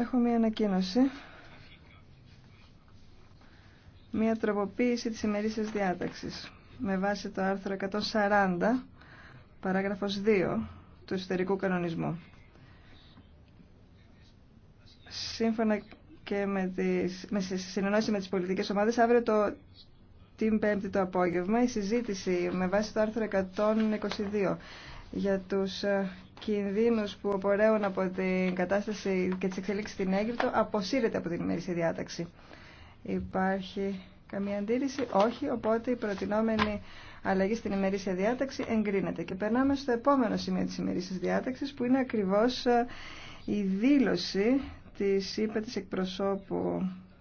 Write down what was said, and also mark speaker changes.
Speaker 1: Έχω μία ανακοίνωση. Μία τροποποίηση της ημερήσιας διάταξης με βάση το άρθρο 140, παράγραφος 2 του εσωτερικού κανονισμού. Σύμφωνα και με, τις, με συνεννόηση με τις πολιτικές ομάδες, αύριο το, την Πέμπτη το απόγευμα η συζήτηση με βάση το άρθρο 122 για τους ε, κινδύνους που απορρέουν από την κατάσταση και τις εξελίξεις στην Αίγυπτο αποσύρεται από την ημερήσια διάταξη. Υπάρχει καμία αντίρρηση. Όχι, οπότε η προτινόμενη αλλαγή στην ημερήσια διάταξη εγκρίνεται. Και περνάμε στο επόμενο σημείο της ημερήσια διάταξης που είναι ακριβώς ε, η δήλωση της ΥΠΑ εκπροσώπου